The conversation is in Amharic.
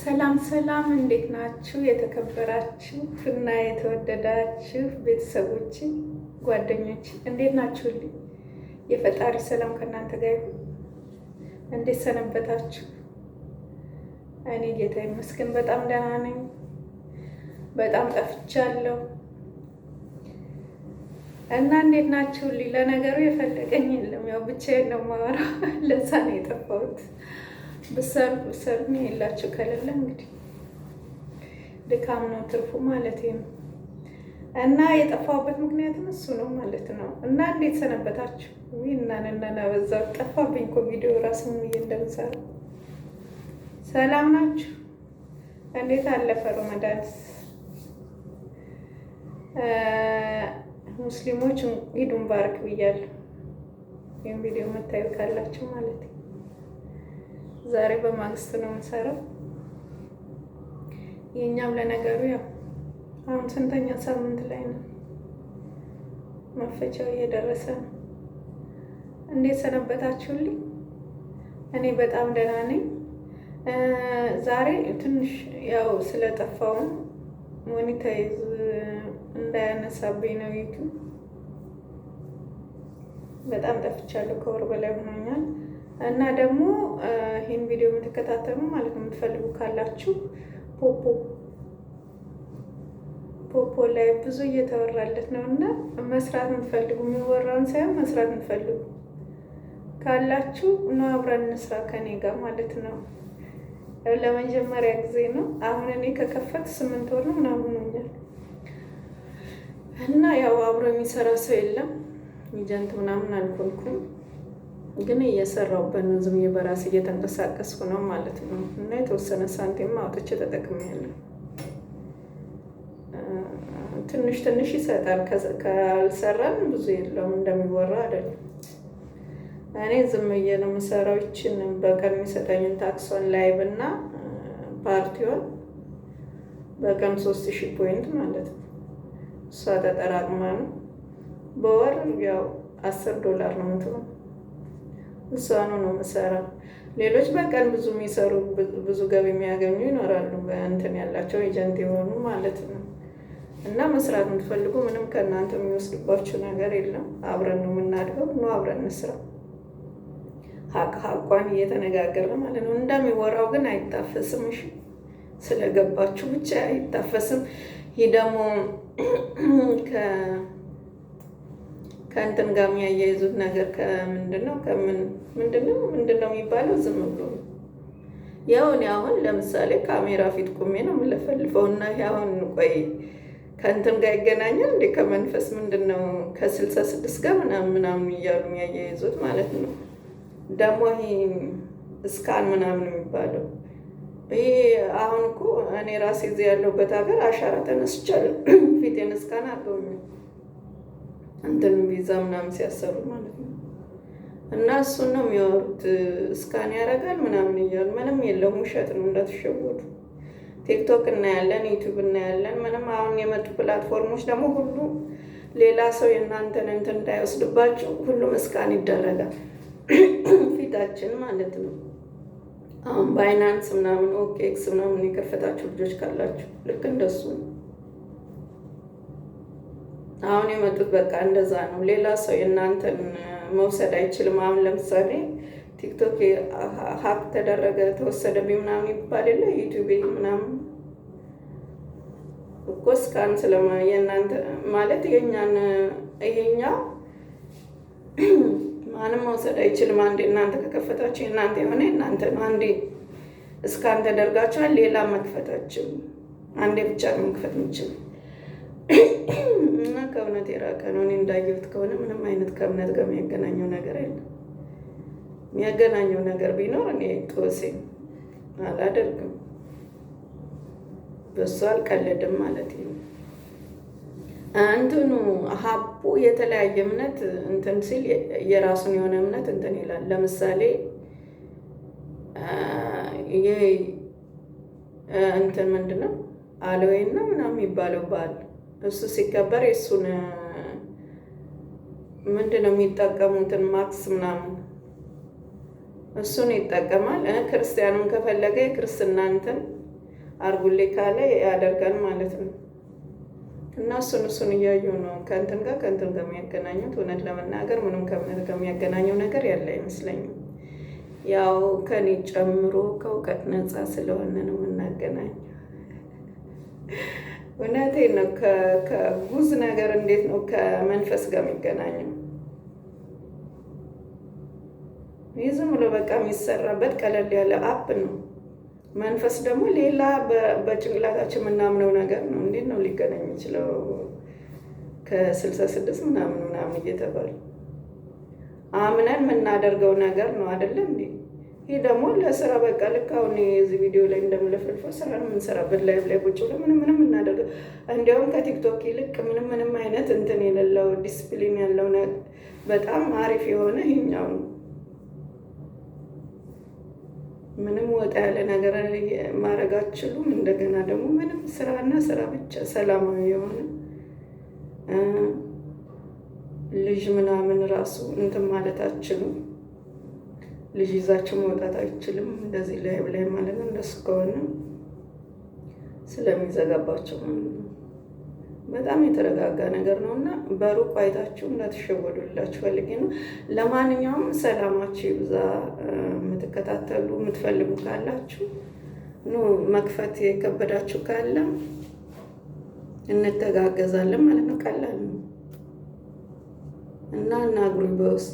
ሰላም ሰላም፣ እንዴት ናችሁ? የተከበራችሁ እና የተወደዳችሁ ቤተሰቦች፣ ጓደኞች እንዴት ናችሁልኝ? የፈጣሪ ሰላም ከእናንተ ጋር ይሁን። እንዴት ሰነበታችሁ? እኔ ጌታ ይመስገን በጣም ደህና ነኝ። በጣም ጠፍቻለሁ እና እንዴት ናችሁልኝ? ለነገሩ የፈለገኝ የለም፣ ያው ብቻዬን ነው የማወራው፣ ለዛ ነው የጠፋሁት። ብሰሩ ብሰሩ ነው የላችሁ ከሌለ እንግዲህ ድካም ነው ትርፉ ማለት ነው። እና የጠፋሁበት ምክንያትም እሱ ነው ማለት ነው። እና እንዴት ሰነበታችሁ? እናና በዛ ጠፋብኝ እኮ ቪዲዮ ራሱ ሰላም ናችሁ? እንዴት አለፈ ረመዳንስ? ሙስሊሞች ኢድ ሙባረክ ብያለሁ። ይህም ቪዲዮ መታየት ካላችሁ ማለት ነው ዛሬ በማግስት ነው የምንሰራው። የእኛም ለነገሩ ያው አሁን ስንተኛ ሳምንት ላይ ነው? መፈቻው እየደረሰ ነው። እንዴት ሰነበታችሁልኝ? እኔ በጣም ደህና ነኝ። ዛሬ ትንሽ ያው ስለጠፋውም ሞኒታይዝ እንዳያነሳብኝ ነው። ዩቱብ በጣም ጠፍቻለሁ፣ ከወር በላይ ሆኖኛል። እና ደግሞ ይህን ቪዲዮ የምትከታተሉ ማለት ነው የምትፈልጉ ካላችሁ ፖፖ ፖፖ ላይ ብዙ እየተወራለት ነው እና መስራት የምትፈልጉ የሚወራውን ሳይሆን መስራት የምትፈልጉ ካላችሁ ነው አብረን እንስራ ከኔ ጋር ማለት ነው። ለመጀመሪያ ጊዜ ነው። አሁን እኔ ከከፈት ስምንት ወር ነው ምናምን ሆኛል እና ያው አብሮ የሚሰራ ሰው የለም። ኤጀንት ምናምን አልኮልኩም። ግን እየሰራሁበት ነው። ዝም በራሴ እየተንቀሳቀስኩ ነው ማለት ነው። እና የተወሰነ ሳንቲም አውጥቼ ተጠቅሜያለሁ። ትንሽ ትንሽ ይሰጣል። ካልሰራን ብዙ የለውም እንደሚወራ አይደለም። እኔ ዝም ብዬ ነው የምሰራው። ይችን በቀን የሚሰጠኝን ታክሷን ላይቭ እና ፓርቲውን በቀን ሶስት ሺህ ፖይንት ማለት ነው። እሷ ተጠራቅማ ነው በወር ያው አስር ዶላር ነው ምትለው እሷኑ ነው የምሰራው። ሌሎች በቀን ብዙ የሚሰሩ ብዙ ገቢ የሚያገኙ ይኖራሉ፣ በእንትን ያላቸው ኤጀንት የሆኑ ማለት ነው። እና መስራት የምትፈልጉ ምንም ከእናንተ የሚወስድባችሁ ነገር የለም። አብረን ነው የምናድገው። ኑ አብረን እንስራ። ሀቅ ሀቋን እየተነጋገረ ማለት ነው። እንደሚወራው ግን አይታፈስም። እሺ ስለገባችሁ ብቻ አይታፈስም። ይህ ደግሞ ከእንትን ጋር የሚያያይዙት ነገር ከምንድነው ከምን የሚባለው ዝም ብሎ ያው እኔ አሁን ለምሳሌ ካሜራ ፊት ቁሜ ነው የምለፈልፈው እና አሁን ቆይ ከእንትን ጋር ይገናኛል እንዴ ከመንፈስ ምንድን ነው ከስልሳ ስድስት ጋር ምናምን ምናምን እያሉ የሚያያይዙት ማለት ነው። ደግሞ ይሄ እስካን ምናምን የሚባለው ይሄ አሁን እኮ እኔ ራሴ እዚህ ያለሁበት ሀገር አሻራ ተነስቻለሁ ፊቴን እስካን አርገውኛል። እንትን ቪዛ ምናምን ሲያሰሩ ማለት ነው። እና እሱን ነው የሚያወሩት። እስካን ያደርጋል ምናምን እያሉ ምንም የለውም፣ ውሸት ነው እንዳትሸወዱ። ቲክቶክ እናያለን፣ ዩቱብ እናያለን። ምንም አሁን የመጡ ፕላትፎርሞች ደግሞ ሁሉ ሌላ ሰው የእናንተን እንትን እንዳይወስድባቸው ሁሉም እስካን ይደረጋል፣ ፊታችን ማለት ነው። አሁን ባይናንስ ምናምን ኦኬክስ ምናምን የከፈታችሁ ልጆች ካላችሁ ልክ እንደሱ ነው። አሁን የመጡት በቃ እንደዛ ነው። ሌላ ሰው የእናንተን መውሰድ አይችልም። አሁን ለምሳሌ ቲክቶክ ሀክ ተደረገ ተወሰደብኝ ምናምን ይባል የለ ዩቲዩብ ምናምን እኮ እስካን ስለማ የእናንተ ማለት የኛን የኛ ማንም መውሰድ አይችልም። አንዴ እናንተ ከከፈታችሁ የእናንተ የሆነ የእናንተ ነው። አንዴ እስካን ተደርጋችኋል። ሌላ መክፈታችሁ አንዴ ብቻ ነው መክፈት የምችል እና ከእውነት የራቀ ነው። እኔ እንዳየሁት ከሆነ ምንም አይነት ከእምነት ጋር የሚያገናኘው ነገር የለም። የሚያገናኘው ነገር ቢኖር እኔ ጦሴ አላደርግም፣ በሱ አልቀለድም ማለት ነው። እንትኑ ሀቡ የተለያየ እምነት እንትን ሲል የራሱን የሆነ እምነት እንትን ይላል። ለምሳሌ ይህ እንትን ምንድን ነው አለወይና ምናምን የሚባለው በዓል እሱ ሲከበር የእሱን ምንድን ነው የሚጠቀሙትን ማክስ ምናምን እሱን ይጠቀማል። ክርስቲያኑን ከፈለገ የክርስትና እንትን አርጉሌ ካለ ያደርጋል ማለት ነው። እና እሱን እሱን እያዩ ነው ከእንትን ጋር ከእንትን ጋር የሚያገናኙት። እውነት ለመናገር ምንም ከእምነት ጋር የሚያገናኘው ነገር ያለ አይመስለኝም። ያው ከኔ ጨምሮ ከእውቀት ነፃ ስለሆነ ነው የምናገናኘው። እውነቴን ነው። ከጉዝ ነገር እንዴት ነው ከመንፈስ ጋር የሚገናኘው? ይህ ዝም ብሎ በቃ የሚሰራበት ቀለል ያለ አፕ ነው። መንፈስ ደግሞ ሌላ በጭንቅላታችን የምናምነው ነገር ነው። እንዴት ነው ሊገናኝ የሚችለው? ከስልሳ ስድስት ምናምን ምናምን እየተባለ አምነን የምናደርገው ነገር ነው አይደለም እንዴ? ይህ ደግሞ ለስራ በቃ ልክ አሁን የዚህ ቪዲዮ ላይ እንደምለፈልፈው ስራ ነው የምንሰራበት። ላይቭ ላይ ቁጭ ብሎ ምንም ምንም እናደርገው። እንዲያውም ከቲክቶክ ይልቅ ምንም ምንም አይነት እንትን የሌለው ዲስፕሊን ያለው በጣም አሪፍ የሆነ ይኛው ነው። ምንም ወጣ ያለ ነገር ማድረግ እንደገና ደግሞ ምንም ስራና ስራ ብቻ ሰላማዊ የሆነ ልጅ ምናምን ራሱ እንትን ማለት አትችሉም። ልጅ ይዛችሁ መውጣት አይችልም፣ እንደዚህ ላይ ላይ ማለት ነው። እንደሱ ከሆነ ስለሚዘጋባቸው በጣም የተረጋጋ ነገር ነው እና በሩቅ አይታችሁ እንዳትሸወዱላችሁ ፈልጌ ነው። ለማንኛውም ሰላማችሁ ይብዛ። የምትከታተሉ የምትፈልጉ ካላችሁ ኑ፣ መክፈት የከበዳችሁ ካለ እንተጋገዛለን ማለት ነው። ቀላል ነው እና እናግሩኝ በውስጥ